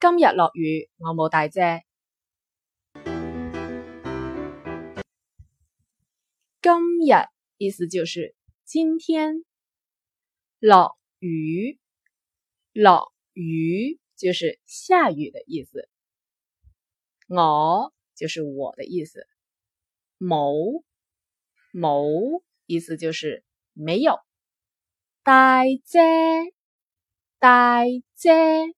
今日落雨，我冇帶遮。今日意思就是今天。落雨，落雨就是下雨的意思。我就是我的意思。冇冇，意思就是沒有。帶遮，帶遮。帶